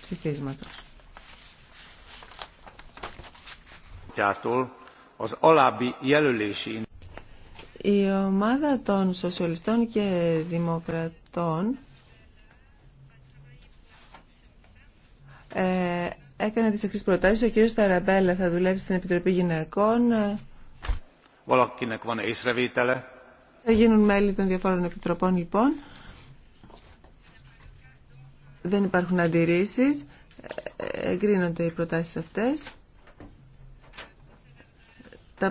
ψηφίσματος. Η ομάδα των σοσιαλιστών και δημοκρατών ε, έκανε τις εξής προτάσεις. Ο κύριος Ταραμπέλα θα δουλεύει στην Επιτροπή Γυναικών. Θα γίνουν μέλη των διαφόρων επιτροπών λοιπόν. Δεν υπάρχουν αντιρρήσεις. Ε, εγκρίνονται οι προτάσεις αυτές.